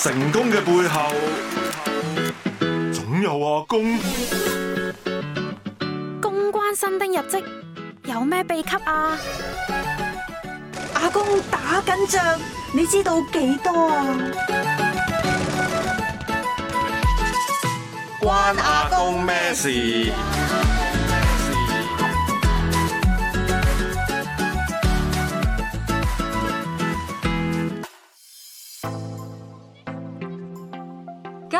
成功嘅背後，總有阿公。公關新丁入職，有咩秘笈啊？阿公打緊仗，你知道幾多啊？關阿公咩事？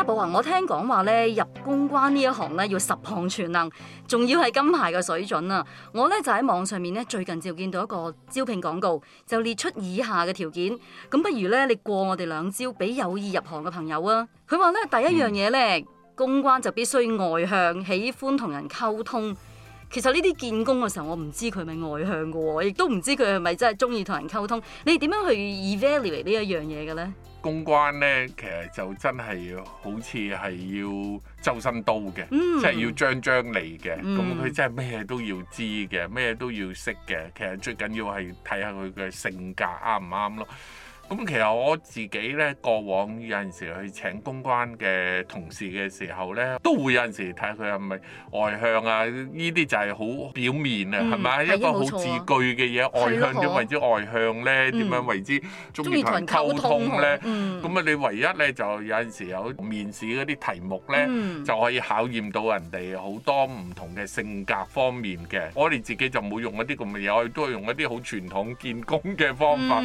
我話我聽講話咧，入公關呢一行咧要十項全能，仲要係金牌嘅水準啊！我咧就喺網上面咧最近就見到一個招聘廣告，就列出以下嘅條件。咁不如咧，你過我哋兩招，俾有意入行嘅朋友啊！佢話咧第一樣嘢咧，嗯、公關就必須外向，喜歡同人溝通。其實呢啲見工嘅時候，我唔知佢係咪外向嘅喎，亦都唔知佢係咪真係中意同人溝通。你哋點樣去 evaluate 呢一樣嘢嘅咧？公關咧，其實就真係好似係要周身刀嘅，嗯、即係要張張嚟嘅。咁佢、嗯、真係咩都要知嘅，咩都要識嘅。其實最緊要係睇下佢嘅性格啱唔啱咯。咁其實我自己咧，過往有陣時去請公關嘅同事嘅時候咧，都會有陣時睇佢係咪外向啊？呢啲就係好表面啊，係咪？一個好字句嘅嘢，嗯、外向點為之外向咧？點、嗯、樣為之鍾意、嗯、同人溝通咧？咁啊、嗯，嗯、你唯一咧就有陣時有面試啲題目咧，嗯、就可以考驗到人哋好多唔同嘅性格方面嘅。我哋自己就冇用一啲咁嘅嘢，我哋都係用一啲好傳統見工嘅方法，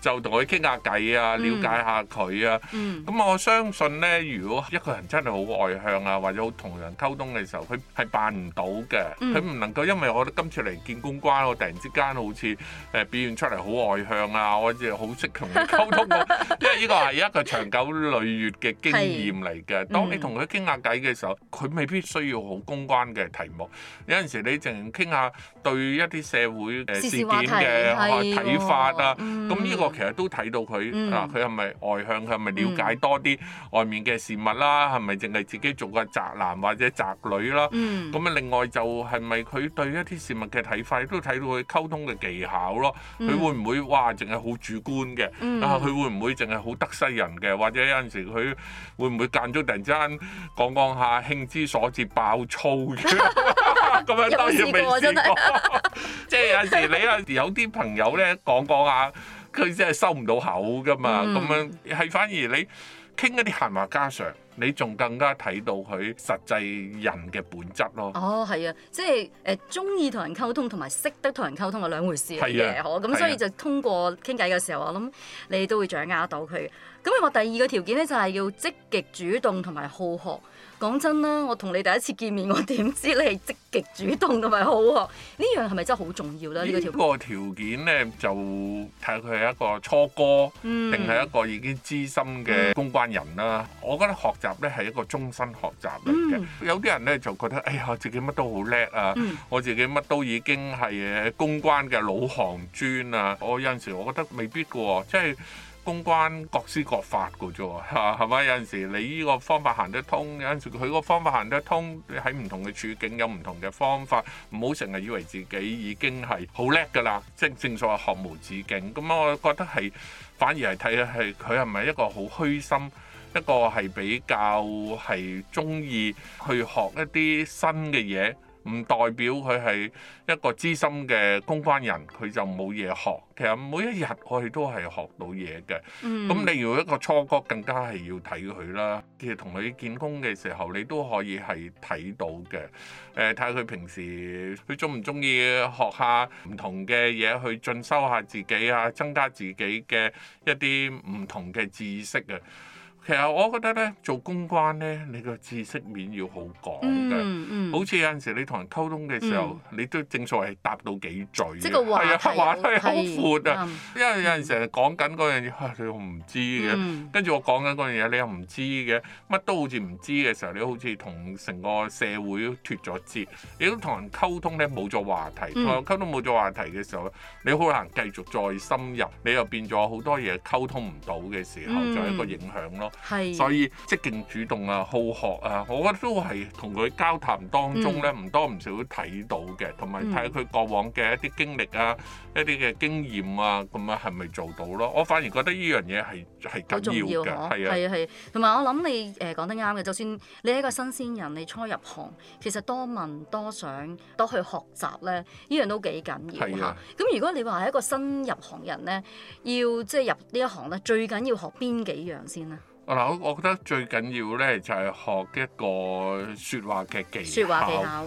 就同佢傾。嗯嗯、解下偈啊，了解下佢啊。咁我相信咧，如果一個人真係好外向啊，或者好同人溝通嘅時候，佢係辦唔到嘅。佢唔、嗯、能夠，因為我今次嚟見公關，我突然之間好似誒表現出嚟好外向啊，我又好識同人溝通。 因為呢個係一個長久累月嘅經驗嚟嘅。嗯、當你同佢傾下偈嘅時候，佢未必需要好公關嘅題目。有陣時你淨傾下對一啲社會誒事件嘅睇法啊。咁呢的、嗯、個其實都睇到。佢、嗯、啊，佢係咪外向？佢係咪了解多啲外面嘅事物啦？係咪淨係自己做個宅男或者宅女啦？咁、嗯、啊，另外就係咪佢對一啲事物嘅睇法，都睇到佢溝通嘅技巧咯？佢會唔會哇，淨係好主觀嘅？嗯、啊，佢會唔會淨係好得西人嘅？或者有陣時佢會唔會間中突然之間講講下興之所至爆粗嘅？咁 樣當然未試過，即係 有時你、啊、有時有啲朋友咧講講下，佢真係收唔到口㗎嘛，咁、嗯、樣係反而你傾一啲閒話家常，你仲更加睇到佢實際人嘅本質咯。哦，係啊，即係誒，中意同人溝通同埋識得同人溝通係兩回事嚟嘅，好咁、啊、所以就通過傾偈嘅時候，啊、我諗你都會掌握到佢。咁我第二個條件咧就係、是、要積極主動同埋好學。講真啦，我同你第一次見面，我點知你係積極主動同埋好學？呢樣係咪真係好重要呢？呢個條，呢個條件呢，就睇佢係一個初哥，定係、嗯、一個已經資深嘅公關人啦、啊。嗯、我覺得學習呢係一個終身學習嚟嘅。嗯、有啲人呢，就覺得，哎呀，自己乜都好叻啊！我自己乜都、啊嗯、都已經係公關嘅老行專啊！我有陣時我覺得未必喎，即、就、係、是。公關各施各法噶啫喎，係咪有陣時你呢個方法行得通，有陣時佢個方法行得通，你喺唔同嘅處境有唔同嘅方法，唔好成日以為自己已經係好叻噶啦，即正，正所謂學無止境。咁我覺得係反而係睇下係佢係咪一個好虛心，一個係比較係中意去學一啲新嘅嘢。唔代表佢係一個資深嘅公關人，佢就冇嘢學。其實每一日我哋都係學到嘢嘅。咁你如果一個初哥更加係要睇佢啦。其實同你見工嘅時候，你都可以係睇到嘅。誒，睇下佢平時佢鍾唔鍾意學下唔同嘅嘢去進修下自己啊，增加自己嘅一啲唔同嘅知識啊。其實我覺得咧，做公關咧，你個知識面要好廣嘅。好似有陣時你同人溝通嘅時候，你都正所謂搭到幾嘴。即個話題。係啊，話題好闊啊。因為有陣時係講緊嗰樣嘢，你又唔知嘅；跟住我講緊嗰樣嘢，你又唔知嘅。乜都好似唔知嘅時候，你好似同成個社會脱咗節。你都同人溝通咧，冇咗話題。同人溝通冇咗話題嘅時候，你好難繼續再深入。你又變咗好多嘢溝通唔到嘅時候，就係一個影響咯。係啊、所以積極主動啊、好學啊，我覺得都係同佢交談當中咧，唔多唔少都睇到嘅，同埋睇下佢過往嘅一啲經歷啊、一啲嘅經驗啊，咁啊係咪做到咯？我反而覺得呢樣嘢係係緊要嘅，係啊，係啊，係、啊。同埋、啊、我諗你誒講、呃、得啱嘅，就算你係一個新鮮人，你初入行，其實多問多想多去學習咧，呢樣都幾緊要嚇。咁係、啊啊、如果你話係一個新入行人咧，要即係入呢一行咧，最緊要學邊幾樣先咧？我覺得最緊要咧就係學一個説話嘅技巧，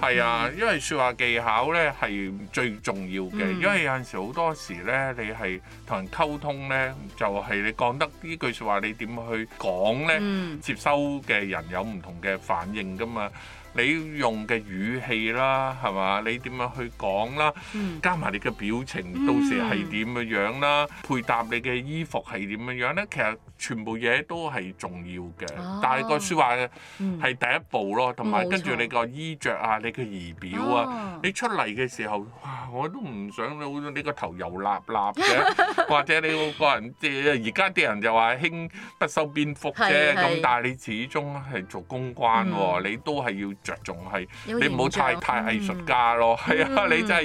係啊，因為説話技巧咧係是、啊嗯、最重要嘅，嗯、因為有陣時好多時咧你係同人溝通咧，就係你講得呢句説話，你點去講咧，嗯、接收嘅人有唔同嘅反應㗎嘛？你用嘅語氣啦，係嘛？你點樣去講啦？嗯、加埋你嘅表情，到時係點嘅樣啦？嗯、配搭你嘅衣服係點嘅樣咧？其實。全部嘢都係重要嘅，啊、但係個説話係第一步咯，同埋、嗯、跟住你個衣着啊，你嘅儀表啊，啊你出嚟嘅時候，哇！我都唔想你個頭油立立嘅， 或者你個人即而家啲人就話興不修邊幅啫，咁是是 但係你始終係做公關喎，嗯、你都係要着重係型你唔好太太藝術家咯，係啊，你真係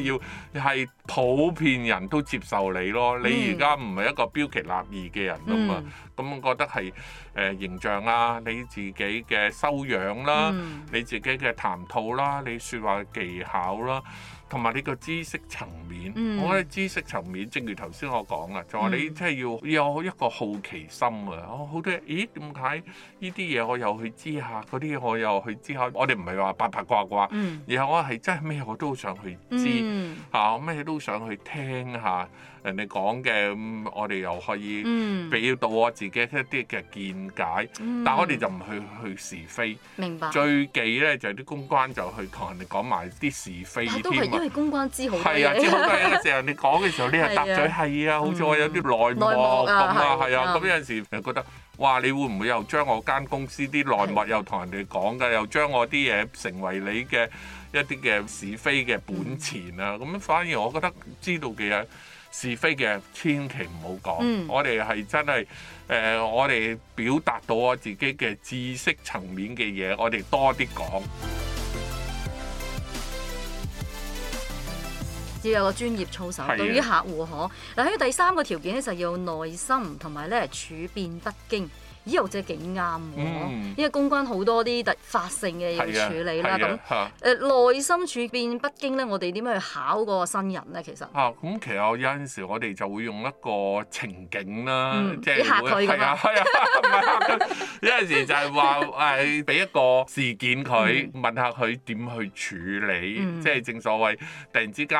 要係。普遍人都接受你咯，你而家唔係一個標奇立異嘅人啦嘛，咁、嗯、我覺得係誒、呃、形象啦、啊，你自己嘅修養啦，你自己嘅談吐啦，你説話嘅技巧啦。同埋你個知識層面，嗯、我覺得知識層面，正如頭先我講啦，就話你真係要有一個好奇心啊！好、嗯、多嘢，咦點解呢啲嘢，我又去知下、啊，嗰啲嘢我又去知下、啊。我哋唔係話八八卦卦，然後、嗯、我係真係咩我都想去知嚇，咩、嗯啊、都想去聽下。人哋講嘅，我哋又可以俾到我自己一啲嘅見解，但我哋就唔去去是非。明白。最忌咧，就係啲公關就去同人哋講埋啲是非。都係因為公關知好。係啊，知好嘅一個時候，人哋講嘅時候，呢個搭嘴係啊，好似我有啲內幕咁啊，係啊，咁有陣時又覺得哇，你會唔會又將我間公司啲內幕又同人哋講㗎，又將我啲嘢成為你嘅一啲嘅是非嘅本錢啊？咁反而我覺得知道嘅嘢。是非嘅千祈唔好講，我哋係真係誒，我哋表達到我自己嘅知識層面嘅嘢，我哋多啲講，要有個專業操守，對於客戶呵。嗱，喺第三個條件咧，就要耐心同埋咧處變不驚。呢個真係幾啱喎，mm hmm，因為公關好多啲突發性嘅嘢處理啦，咁誒內心處變不驚咧。我哋點樣去考個新人咧？其實啊，咁、oh，其實有陣時我哋就會用一個情景啦，即係、mm hmm，嚇佢咁啊！係啊， 有陣時就係話誒，俾一個事件佢問下佢點去處理，即係、mm hmm。正所謂突然之間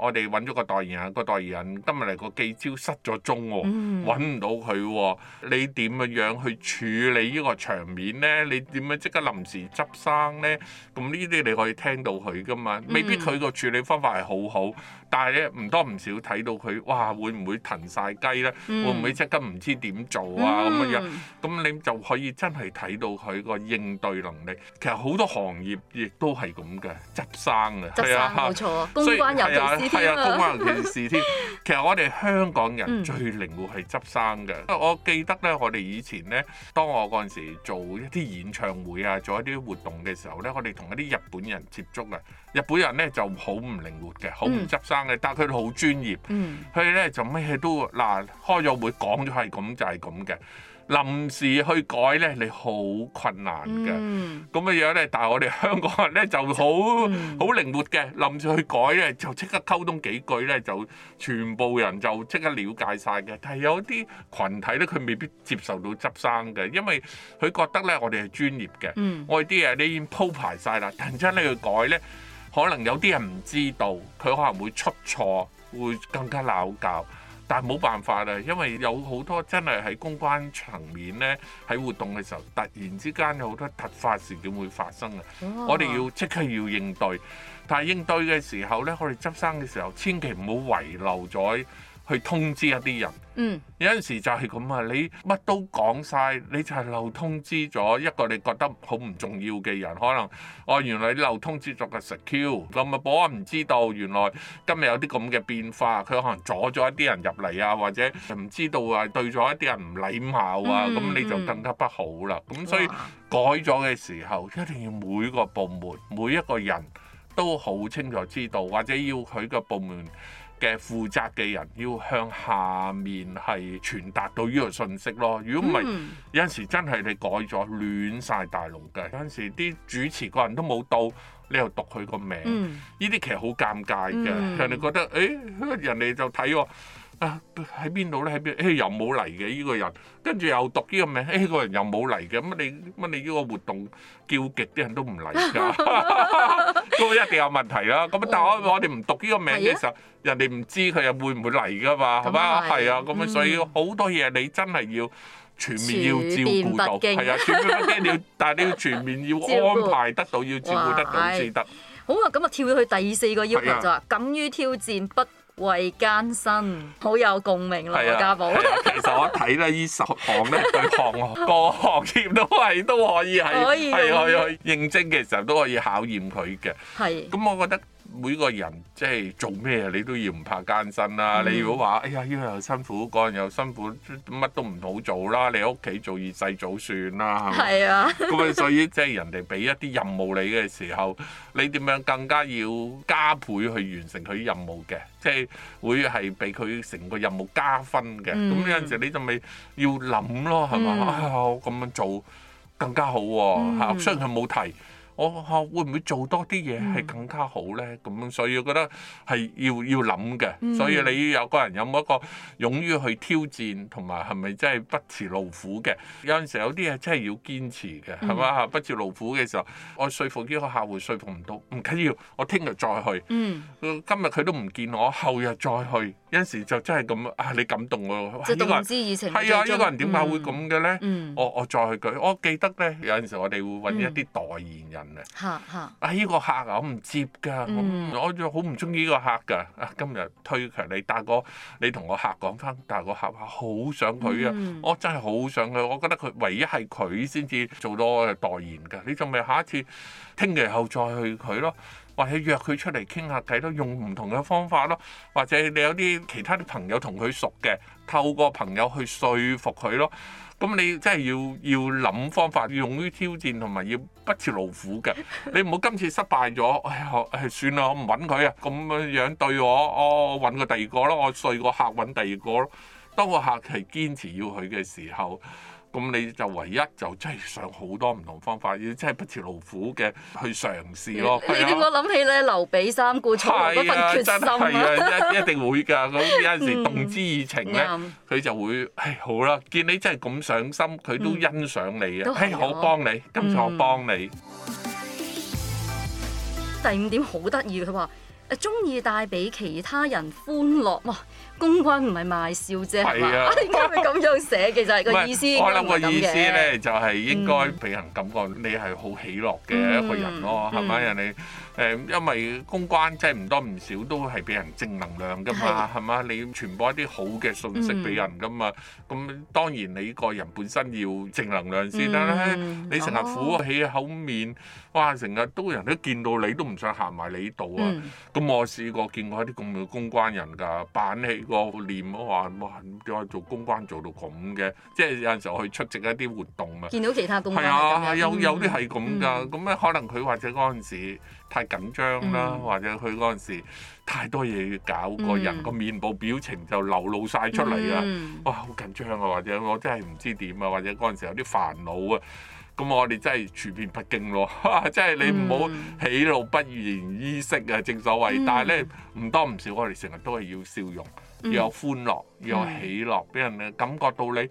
我，我哋揾咗個代言人，個代言人今日嚟個記招失咗蹤喎，揾唔、mm hmm。到佢喎、哦，你點樣樣？去處理呢個場面咧，你點樣即刻臨時執生咧？咁呢啲你可以聽到佢㗎嘛？未必佢個處理方法係好好，但係咧唔多唔少睇到佢哇，會唔會騰晒雞咧？嗯、會唔會即刻唔知點做啊？咁嘅、嗯、樣，咁你就可以真係睇到佢個應對能力。其實好多行業亦都係咁嘅執生嘅，係生啊，冇錯，公關尤其啊是，啊是，啊是啊，公關尤其是添、啊。 其實我哋香港人最靈活係執生嘅。我記得咧，我哋以前。咧，當我嗰陣時做一啲演唱會啊，做一啲活動嘅時候咧，我哋同一啲日本人接觸啊，日本人咧就好唔靈活嘅，好唔執生嘅，但佢哋好專業，嗯，佢哋咧就咩都嗱、啊、開咗會講咗係咁就係咁嘅。臨時去改咧，你好困難嘅咁嘅樣咧。嗯、但係我哋香港人咧就好好、嗯、靈活嘅，臨時去改咧就即刻溝通幾句咧，就全部人就即刻了解晒嘅。但係有啲群體咧，佢未必接受到執生嘅，因為佢覺得咧我哋係專業嘅，嗯、我哋啲嘢你已經鋪排晒啦。突然之間你要改咧，可能有啲人唔知道，佢可能會出錯，會更加鬧交。但係冇辦法啦，因為有好多真係喺公關層面呢，喺活動嘅時候突然之間有好多突發事件會發生嘅，oh. 我哋要即刻要應對。但係應對嘅時候呢，我哋執生嘅時候，千祈唔好遺漏咗。去通知一啲人，嗯、有陣時就係咁啊！你乜都講晒，你就係漏通知咗一個你覺得好唔重要嘅人。可能哦，原來你漏通知咗個 secure 林密保安，唔知道原來今日有啲咁嘅變化，佢可能阻咗一啲人入嚟啊，或者唔知道啊對咗一啲人唔禮貌啊，咁、嗯、你就更加不好啦。咁、嗯、所以改咗嘅時候，哇一定要每個部門、每一個人都好清楚知道，或者要佢個部門。嘅負責嘅人要向下面係傳達到呢個信息咯。如果唔係，有陣時真係你改咗亂晒大龍嘅。有陣時啲主持個人都冇到，你又讀佢個名，呢啲、mm. 其實好尷尬嘅、mm. 欸，人哋覺得誒，人哋就睇咗。啊！喺邊度咧？喺邊度？誒又冇嚟嘅呢個人，跟住又讀呢個名，誒呢個人又冇嚟嘅。乜你乜你呢個活動叫極啲人都唔嚟㗎，都一定有問題啦。咁但係我我哋唔讀呢個名嘅時候，人哋唔知佢又會唔會嚟㗎嘛？係咪啊？係啊。咁啊，所以好多嘢你真係要全面要照顧到，係啊，全面都要，但係你要全面要安排得到，要照顧得到先得。好啊，咁啊跳咗去第四個要求就話，敢於挑戰不為艱辛，好有共鳴咯，啊、家寶寶、啊。其實我睇咧呢十 行咧，對行各個行業都係都可以，係係去去應徵嘅時候都可以考驗佢嘅。係是。咁我覺得。每個人即係做咩，你都要唔怕艱辛啦。嗯、你如果話，哎呀，呢樣又辛苦，嗰樣又辛苦，乜都唔好做啦。你喺屋企做二世祖算啦，係嘛？係啊。咁 所以即係人哋俾一啲任務你嘅時候，你點樣更加要加倍去完成佢任務嘅？即係會係俾佢成個任務加分嘅。咁、嗯、有陣時你就咪要諗咯，係嘛？啊、嗯，咁、哎、咁樣做更加好喎、啊。嚇、嗯，雖然佢冇提。我會唔會做多啲嘢係更加好咧？咁、嗯、樣所以我覺得係要要諗嘅。嗯、所以你要有個人有冇一個勇於去挑戰同埋係咪真係不辭勞苦嘅？有陣時有啲嘢真係要堅持嘅，係咪、嗯？不辭勞苦嘅時候，我說服呢個客戶說服唔到，唔緊要，我聽日再去。嗯、今日佢都唔見我，後日再去。有陣時就真係咁啊！你感動喎，即係動之以情。係哇在啊，一個人點解會咁嘅咧？嗯、我我再去佢，我記得咧。有陣時我哋會揾一啲代言人、嗯、啊。嚇啊，依、呢個客啊，嗯、我唔接㗎，我就好唔中意呢個客㗎。啊，今日推強你，帶個你同個客講返，但係個客話好想佢啊，嗯、我真係好想佢。我覺得佢唯一係佢先至做到我嘅代言㗎。你仲未下一次？聽日後再去佢咯。或者約佢出嚟傾下偈咯，用唔同嘅方法咯，或者你有啲其他啲朋友同佢熟嘅，透過朋友去説服佢咯。咁你真係要要諗方法，要勇於挑戰同埋要不辭勞苦嘅。你唔好今次失敗咗，哎呀，算啦，我唔揾佢啊，咁樣對我，我揾個第二個咯，我睡個客揾第二個咯。當個客係堅持要佢嘅時候。咁你就唯一就真係想好多唔同方法，要真係不辭勞苦嘅去嘗試咯。你點解諗起咧？劉備三顧草廬，嗰份決心啊，啊！ 一定會㗎。咁有陣時動之以情咧，佢、嗯、就會誒好啦，見你真係咁上心，佢都欣賞你嘅。誒好、嗯，幫你今次我幫你。幫你嗯、第五點好得意，佢話。誒中意帶俾其他人歡樂，哇！公關唔係賣笑啫，係啊，點解吧、 啊、會咁樣寫？其實係個意思，我諗個意思咧，就係、是、應該俾人感覺你係好喜樂嘅一個人咯，係咪？人哋。誒，因為公關即係唔多唔少都係俾人正能量噶嘛，係嘛是的？你要傳播一啲好嘅信息俾人噶嘛。咁、嗯、當然你個人本身要正能量先啦。嗯、你成日苦起口面，哦、哇！成日都人都見到你都唔想行埋你度啊。咁、嗯、我試過見過一啲咁嘅公關人㗎，板起個臉話哇，點解做公關做到咁嘅？即係有陣時候去出席一啲活動啊。見到其他公關係啊的、嗯，有有啲係咁㗎。咁咧、嗯嗯、可能佢或者嗰陣時。太緊張啦，嗯、或者佢嗰陣時太多嘢搞，個、嗯、人個面部表情就流露晒出嚟啊！嗯、哇，好緊張啊，或者我真係唔知點啊，或者嗰陣時有啲煩惱啊，咁我哋真係處變不驚咯，即係你唔好喜怒不形於色啊，正所謂。嗯、但係咧唔多唔少，我哋成日都係要笑容，嗯、要有歡樂，要有喜樂，俾人感覺到你。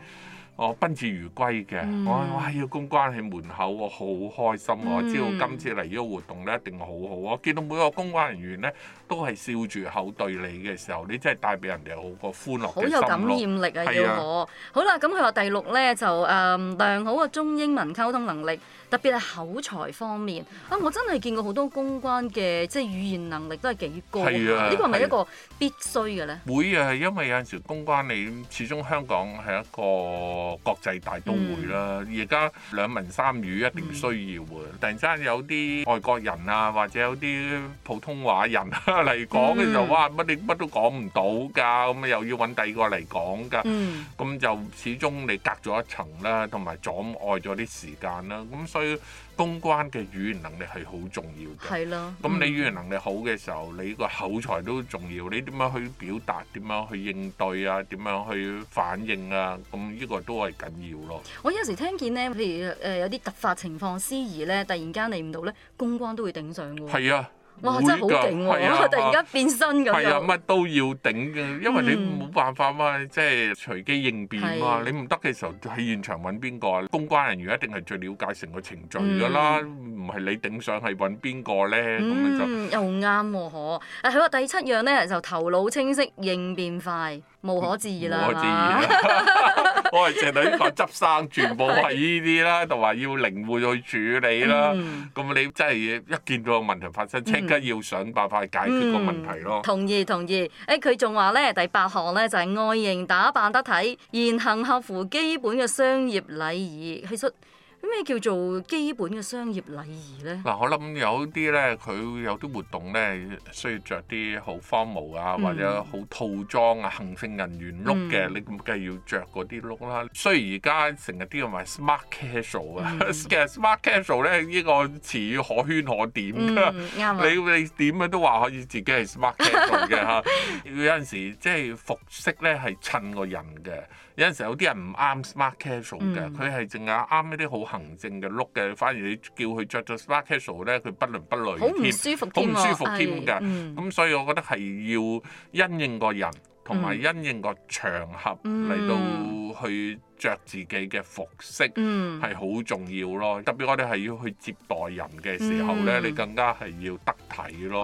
我、哦、賓至如歸嘅，我我係要公關喺門口，我好開心。我、嗯、知道今次嚟呢個活動咧一定好好。嗯、我見到每個公關人員咧都係笑住口對你嘅時候，你真係帶俾人哋好個歡樂。好有感染力啊！要我、啊、好啦，咁佢話第六咧就誒、嗯、良好嘅中英文溝通能力，特別係口才方面啊！我真係見過好多公關嘅即係語言能力都係幾高啊！呢個係咪一個必須嘅咧？會啊，因為有陣時公關你始終香港係一個。國際大都會啦，而家兩文三語一定需要啊！嗯、突然之間有啲外國人啊，或者有啲普通話人嚟、啊、講嘅時候，嗯、哇！乜你乜都講唔到㗎，咁又要揾第二個嚟講㗎，咁、嗯、就始終你隔咗一層啦，同埋阻礙咗啲時間啦，咁所以。公關嘅語言能力係好重要嘅，咁的你語言能力好嘅時候，你個口才都重要。你點樣去表達？點樣去應對啊？點樣去反應啊？咁呢個都係緊要咯。我有時聽見咧，譬如誒有啲突發情況，司儀咧，突然間嚟唔到咧，公關都會頂上喎。係啊。哇！真係好勁喎，啊、突然間變身咁。係啊，乜、啊啊、都要頂嘅，因為你冇辦法嘛，嗯、即係隨機應變嘛。啊、你唔得嘅時候，喺現場揾邊個？公關人員一定係最了解成個程序噶啦，唔係、嗯、你頂上係揾邊個咧？咁樣、嗯、就又啱喎、啊，嗬、啊！誒，佢話第七樣咧就頭腦清晰，應變快。無可置疑啦，我係剩女，我執生全部係呢啲啦，同埋 的要靈活去處理啦。咁、嗯、你真係一見到個問題發生，即、嗯、刻要想辦法解決個問題咯、嗯。同意同意，誒佢仲話咧，第八項咧就係、是、外形打扮得體，言行合乎基本嘅商業禮儀，係出。咩叫做基本嘅商業禮儀咧？嗱、啊，我諗有啲咧，佢有啲活動咧，需要着啲好 formal 啊，或者好套裝啊，行政人員 look 嘅，嗯、你咁梗係要着嗰啲 look 啦。雖然而家成日啲人話 smart casual 啊、嗯，其實 smart casual 咧呢、呢個詞語可圈可點㗎。啱、嗯、你你點啊都話可以自己係 smart casual 嘅嚇。 有陣時即係服飾咧係襯個人嘅。有陣時有啲人唔啱 smart casual 嘅，佢係淨係啱一啲好，一好，一好，一好一。行政嘅 look 嘅，反而你叫佢着咗 smart casual 咧，佢不倫不類添，好唔舒服添，好唔舒服添㗎。咁是所以，我覺得係要因應個人同埋是因應個場合嚟、嗯、到去着自己嘅服飾，係好、嗯、重要咯。特別我哋係要去接待人嘅時候咧，嗯、你更加係要得體咯。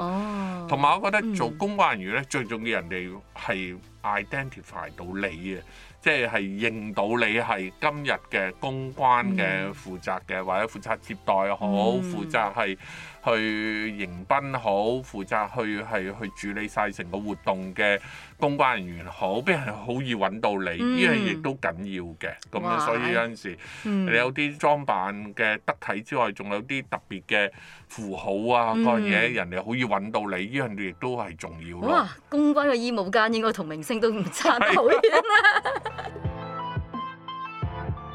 同埋、哦、我覺得做公關人員咧，嗯、最重要人哋係 identify 到你啊。即係認到你係今日嘅公關嘅負責嘅，mm hmm。或者負責接待好，好、mm hmm。負責係。去迎賓好，負責去係去處理晒成個活動嘅公關人員好，畀人好易揾到你？呢樣嘢都緊要嘅，咁樣所以有陣時、嗯、你有啲裝扮嘅得體之外，仲有啲特別嘅符號啊，嗰樣嘢、嗯，人哋好易揾到你，呢樣嘢亦都係重要。哇、啊！公關嘅衣帽間應該同明星都唔差得好遠啦。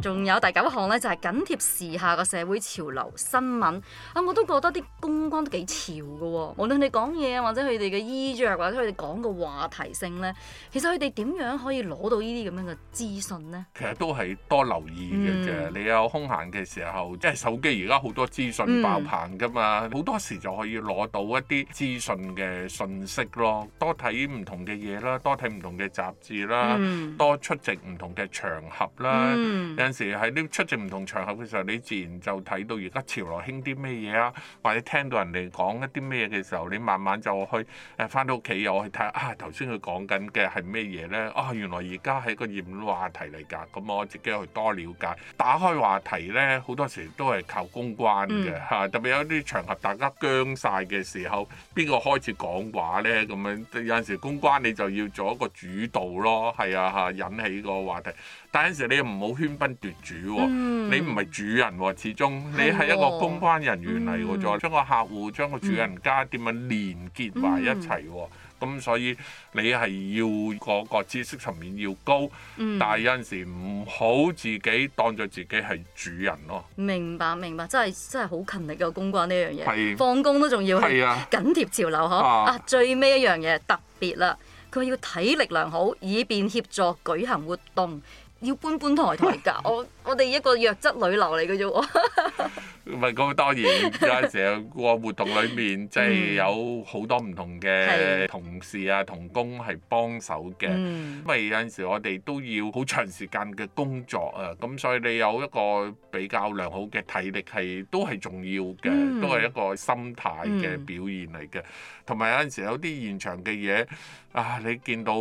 仲有第九項咧，就係、是、緊貼時下嘅社會潮流新聞啊、嗯！我都覺得啲公關都幾潮㗎喎、哦，無論你講嘢或者佢哋嘅衣著或者佢哋講嘅話題性咧，其實佢哋點樣可以攞到呢啲咁樣嘅資訊咧？其實都係多留意嘅。啫、嗯。你有空閒嘅時候，即係手機而家好多資訊爆棚㗎嘛，好多時就可以攞到一啲資訊嘅信息咯。多睇唔同嘅嘢啦，多睇唔同嘅雜誌啦，嗯、多出席唔同嘅場合啦。嗯時喺啲出席唔同場合嘅時候，你自然就睇到而家潮流興啲咩嘢啊，或者聽到人哋講一啲咩嘢嘅時候，你慢慢就去誒翻到屋企又去睇下啊頭先佢講緊嘅係咩嘢咧？啊，原來而家係個熱門話題嚟㗎，咁我自己去多了解。打開話題咧，好多時都係靠公關嘅嚇，嗯、特別有啲場合大家僵晒嘅時候，邊個開始講話咧？咁樣有陣時公關你就要做一個主導咯，係啊嚇，引起個話題。.但有陣時你又唔好喧賓奪主喎、啊，嗯、你唔係主人喎、啊，始終你係一個公關人員嚟嘅啫，將個、嗯、客戶將個主人家點樣連結埋一齊喎、啊，咁、嗯、所以你係要嗰個知識層面要高，嗯、但係有陣時唔好自己當作自己係主人咯、啊。明白，明白，真係真係好勤力嘅公關呢樣嘢，是放工都仲要、啊、緊貼潮流呵。啊，啊最尾一樣嘢特別啦，佢話要體力良好，以便協助舉行活動。要搬搬抬抬噶，我我哋一個弱質女流嚟噶啫喎。 唔係咁，當然有陣時個活動裏面即係、 嗯、有好多唔同嘅同事啊的同工係幫手嘅，嗯、因為有陣時我哋都要好長時間嘅工作啊，咁所以你有一個比較良好嘅體力係都係重要嘅，嗯、都係一個心態嘅表現嚟嘅。同埋、嗯、有陣時有啲現場嘅嘢啊，你見到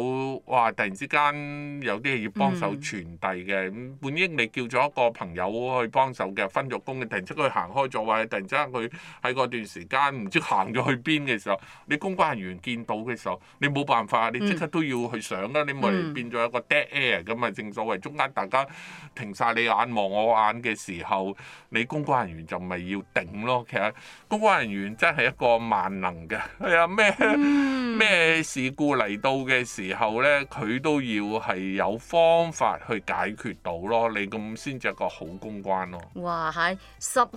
哇突然之間有啲嘢要幫手傳遞嘅，咁、嗯嗯、本應你叫咗一個朋友去幫手嘅，分咗工嘅，突然之間去。行開咗啊！突然之間佢喺嗰段時間唔知行咗去邊嘅時候，你公關人員見到嘅時候，你冇辦法，你即刻都要去想啦。嗯、你咪變咗一個 dead air 咁咪、嗯、正所謂中間大家停晒你眼望我的眼嘅時候，你公關人員就咪要頂咯。其實公關人員真係一個萬能嘅，係啊咩咩事故嚟到嘅時候咧，佢都要係有方法去解決到咯。你咁先至係一個好公關咯。哇！喺十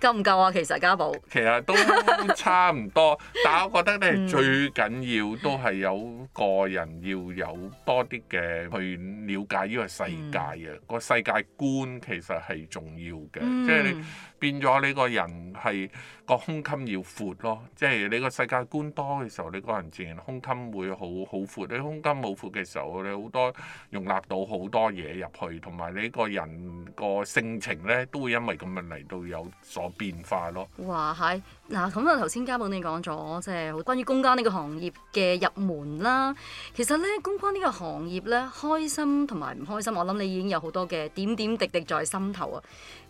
夠唔夠啊？其實家寶， 其實都差唔多， 但係我覺得咧最緊要都係有個人要有多啲嘅去了解呢個世界啊！個 世界觀其實係重要嘅， 即係你變咗你個人係個胸襟要闊咯，即係你個世界觀多嘅時候，你個人自然胸襟會好好闊。你胸襟冇闊嘅時候，你好多容納到好多嘢入去，同埋你個人個性情咧都會因為咁樣嚟到有所變化咯，哇！喺嗱，咁啊頭先嘉寶你講咗，即係關於公關呢個行業嘅入門啦。其實咧，公關呢個行業咧，開心同埋唔開心，我諗你已經有好多嘅點點滴滴在心頭啊。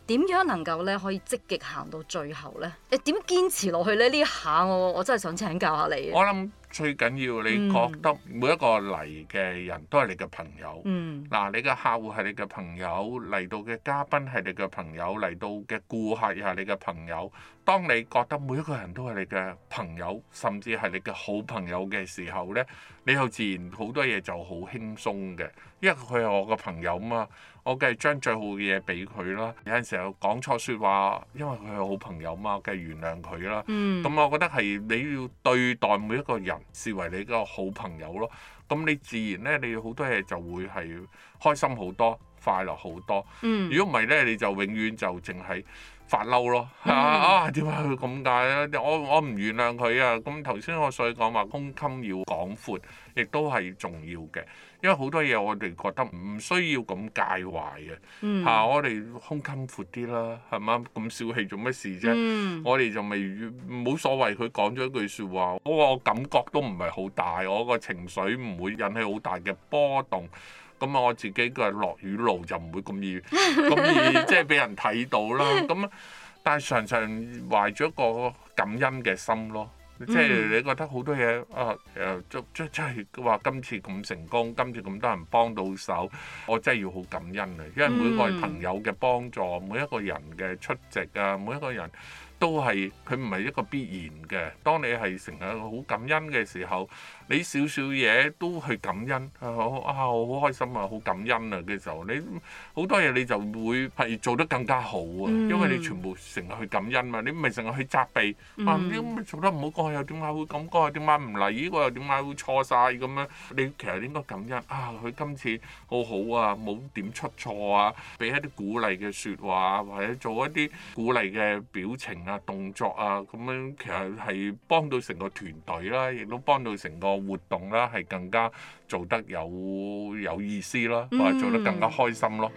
點樣能夠咧可以積極行到最後咧？誒點堅持落去咧？呢下我我真係想請教下你。我諗最緊要，你覺得每一個嚟嘅人都係你嘅朋友、嗯嗯、朋友。嗱，你嘅客戶係你嘅朋友，嚟到嘅嘉賓係你嘅朋友，嚟到嘅顧客又係你嘅朋友。當你覺得每一個人都係你嘅朋友，甚至係你嘅好朋友嘅時候咧，你又自然好多嘢就好輕鬆嘅，因為佢係我嘅朋友嘛。我梗係將最好嘅嘢俾佢啦，有陣時候講錯説話，因為佢係好朋友嘛，我梗係原諒佢啦。咁、嗯、我覺得係你要對待每一個人視為你個好朋友咯。咁你自然咧，你好多嘢就會係開心好多，快樂好多。如果唔係咧，你就永遠就淨係。發嬲咯啊！點解佢咁解咧？我我唔原諒佢啊！咁頭先我所以講話胸襟要廣闊，亦都係重要嘅。因為好多嘢我哋覺得唔需要咁介懷嘅嚇、嗯啊，我哋胸襟闊啲啦，係咪？咁小氣做乜事啫？嗯、我哋就未冇所謂佢講咗一句説話，我個感覺都唔係好大，我個情緒唔會引起好大嘅波動。咁啊，我自己嘅落雨路就唔會咁易咁 易即係俾人睇到啦。咁，但係常常懷住一個感恩嘅心咯，即係你覺得好多嘢啊誒，即即係話今次咁成功，今次咁多人幫到手，我真係要好感恩啊！因為每個朋友嘅幫助，每一個人嘅出席啊，每一個人都係佢唔係一個必然嘅。當你係成日好感恩嘅時候。你少少嘢都去感恩，啊我好，哎啊，開心啊，好感恩啊嘅時候，你好多嘢你就會係做得更加好啊，mm hmm. 因為你全部成日去感恩啊。你唔係成日去責備，啊，點做得唔好，過去又點解會咁，過去，點解唔嚟依個，又點解會錯晒咁樣。你其實應該感恩啊，佢今次好好啊，冇點出錯啊，俾一啲鼓勵嘅說話，或者做一啲鼓勵嘅表情啊、動作啊，咁樣其實係幫到成個團隊啦，亦都幫到成個。嗯、活動啦，係更加做得有有意思咯，或者、嗯、做得更加開心咯。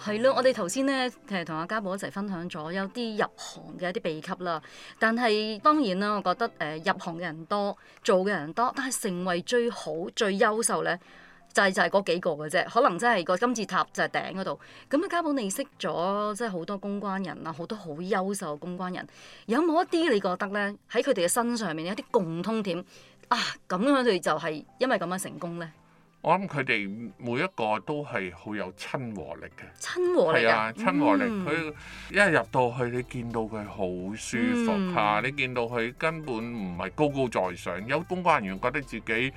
係咯，我哋頭先咧，誒同阿嘉寶一齊分享咗有啲入行嘅一啲秘笈啦。但係當然啦，我覺得誒、呃、入行嘅人多，做嘅人多，但係成為最好、最優秀咧。就係就係嗰幾個嘅啫，可能真係個金字塔就係頂嗰度。咁啊，嘉寶你識咗即係好多公關人啊，好多好優秀公關人。有冇一啲你覺得咧喺佢哋嘅身上面有啲共通點啊？咁樣佢哋就係因為咁樣成功咧。我諗佢哋每一個都係好有親和力嘅。親和力、啊。係啊，親和力。佢、嗯、一入到去，你見到佢好舒服嚇，嗯、你見到佢根本唔係高高在上。有公關人員覺得自己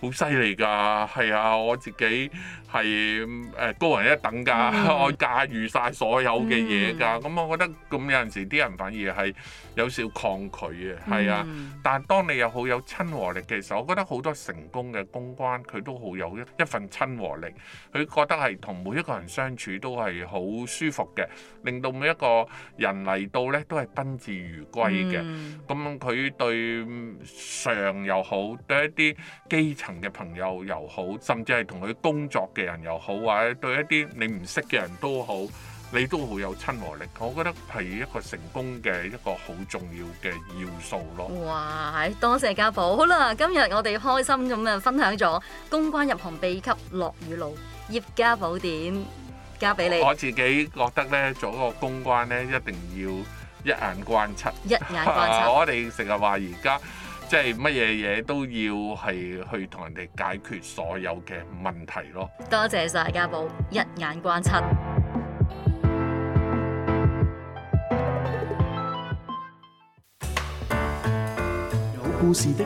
好犀利㗎，係啊！我自己係誒、呃、高人一等㗎，mm. 我駕馭晒所有嘅嘢㗎。咁、mm. 嗯、我覺得咁有陣時啲人反而係有少少抗拒嘅。係啊。但係當你又好有親和力嘅時候，我覺得好多成功嘅公關，佢都好有一一份親和力，佢覺得係同每一個人相處都係好舒服嘅，令到每一個人嚟到咧都係賓至如歸嘅。咁佢、mm. 嗯嗯、對上又好，對一啲基層。嘅朋友又好，甚至係同佢工作嘅人又好，或者對一啲你唔識嘅人都好，你都好有親和力。我覺得係一個成功嘅一個好重要嘅要素咯。哇，多謝家寶好啦！今日我哋開心咁樣分享咗公關入行秘笈《落雨露。葉家寶典》，交俾你。我自己覺得咧，做一個公關咧，一定要一眼觀七。一眼觀七。 我哋成日話而家。即係乜嘢嘢都要係去同人哋解決所有嘅問題咯。多謝晒家寶，一眼關七。有故事的。